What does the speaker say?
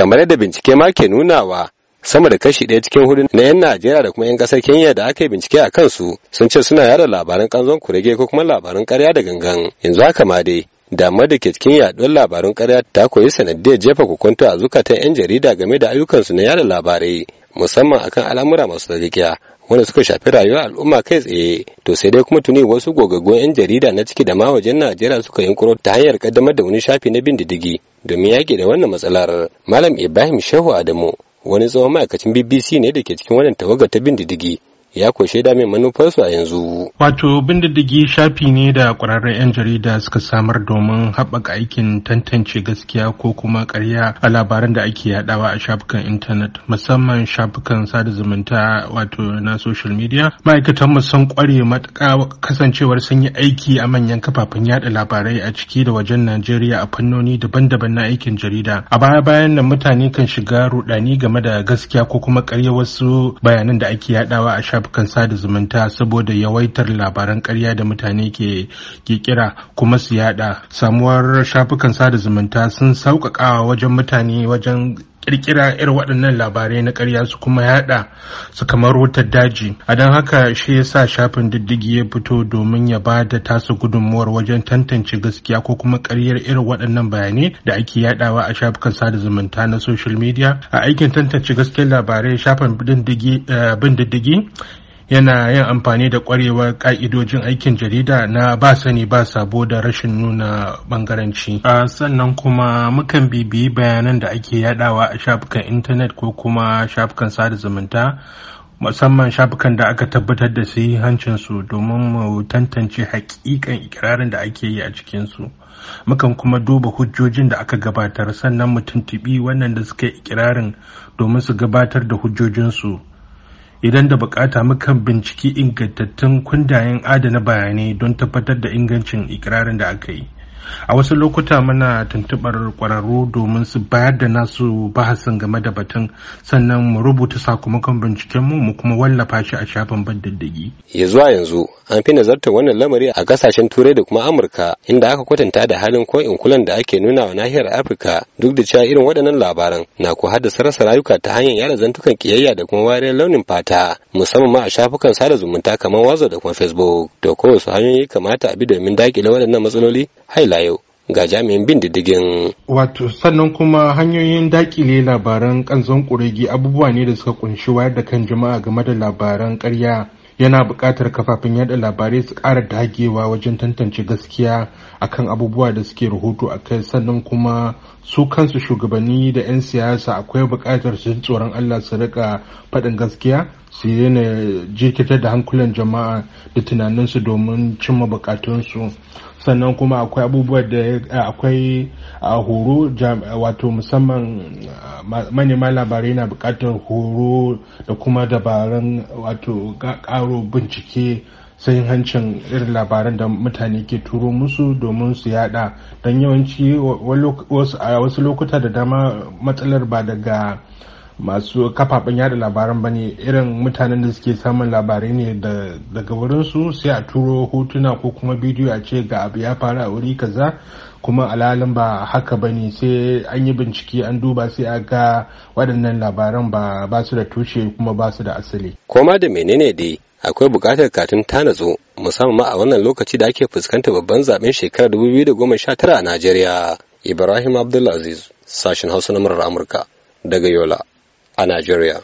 kamar yadda bincike ma ke nunawa sama da kashi ɗaya cikin hudu na 'yan Najeriya da kuma 'yan ƙasar Kenya da aka yi bincike a kansu sun ce suna yada labaran kanzon kurege ko kuma labaran ƙarya da gangan yanzu haka ma dai damar da ke cikin yaɗuwar labarin ƙarya ta koyi sanadiyar jefa kokonto a zukatan 'yan jarida game da ayyukansu na yada labarai musamman akan al'amura masu rikiya wanda suka shafi rayuwar al'umma kai tsaye to sai dai kuma tuni wasu gogaggun 'yan jarida na ciki da ma wajen najeriya suka yunkuro ta hanyar kaddamar da wani shafi na bin diddigi domin yaƙi da wannan matsalar malam ibrahim shehu adamu wani tsohon ma'aikacin bbc ne da ke cikin wannan tawagar ta bin diddigi ya koshi da mai manufarsu a yanzu. Wato bindiddigi shafi ne da ƙwararren 'yan jarida suka samar domin haɓaka aikin tantance gaskiya ko kuma ƙarya a labaran da ake yaɗawa a shafukan intanet musamman shafukan sada zumunta wato na social media. Ma'aikatan mu sun ƙware matuƙa kasancewar sun yi aiki a manyan kafafen yaɗa labarai a ciki da wajen Najeriya a fannoni daban-daban na aikin jarida. A baya-bayan nan mutane kan shiga rudani game da gaskiya ko kuma ƙarya wasu bayanan da ake yaɗawa a shafukan sada zumunta saboda yawaitar labaran karya da mutane ke kira kuma su yada samuwar shafukan sada zumunta sun sauƙaƙa wajen mutane wajen kirkira irin waɗannan labarai na ƙarya su kuma yada su kamar wutar daji a don haka shi ya sa shafin diddigi ya fito domin ya ba da tasa gudunmuwar wajen tantance gaskiya ko kuma ƙaryar irin waɗannan bayanai da ake yadawa a shafukan sada zumunta na social media a aikin tantance gaskiyar labarai shafin bin diddigi eh, yana yin amfani da kwarewar ka'idojin aikin jarida na ba sani ba sabo da rashin nuna bangaranci a sannan kuma mukan bibiyi bayanan da ake yadawa a shafukan intanet ko kuma shafukan sada zumunta musamman shafukan da aka tabbatar da su domin mu tantance hakikan ikirarin da ake yi a cikin su mukan kuma duba hujjojin da aka gabatar sannan mu tuntubi wannan da suka yi ikirarin domin su gabatar da hujjojinsu idan da bukata mukan binciki ingantattun kundayen adana bayanai don tabbatar da ingancin ikirarin da aka yi a wasu lokuta muna tuntubar kwararru domin su bayar da nasu bahasin game da batun sannan mu rubuta sakamakon binciken mu mu kuma wallafa shi a shafin bandaddagi ya zuwa yanzu an fi nazartar wannan lamari a kasashen turai da kuma amurka inda aka kwatanta da halin ko kulan da ake nuna wa nahiyar afirka duk da cewa irin waɗannan labaran na ku haddasa rasa rayuka ta hanyar yada zantukan kiyayya da kuma wariyar launin fata musamman ma a shafukan sada zumunta kamar wazo da kuma facebook to kowace hanyoyi kamata a bi domin dakile waɗannan matsaloli hai ila yau ga jami'in bin diddigin. Wato sannan kuma hanyoyin dakile labaran kanzon kuregi abubuwa ne da suka kunshi wayar da kan jama'a game da labaran karya yana buƙatar kafafen yada labarai su ƙara dagewa wajen tantance gaskiya akan abubuwa da suke rahoto a kai sannan kuma su kansu shugabanni da 'yan siyasa akwai buƙatar su tsoron Allah su rika faɗin gaskiya su yana jikita da hankulan jama'a da tunaninsu domin cimma bukatunsu sannan kuma akwai abubuwa da akwai a horo wato musamman manema labarai na bukatar horo da kuma dabarun wato karo bincike sayin hancin irin labaran da mutane ke turo musu domin su yada don yawanci a wasu lokuta da dama matsalar ba daga masu kafafen yada labaran ba ne irin mutanen da suke samun labarai ne daga wurinsu sai a turo hotuna ko kuma bidiyo a ce ga abu ya faru a wuri kaza kuma alhalin ba haka ba ne sai an yi bincike an duba sai a ga waɗannan labaran ba ba su da tushe kuma ba su da asali. koma da menene dai akwai buƙatar katin zo musamman a wannan lokaci da ake fuskantar babban zaben shekarar 2019 a najeriya ibrahim abdulaziz sashen hausa na murar amurka daga yola Nigeria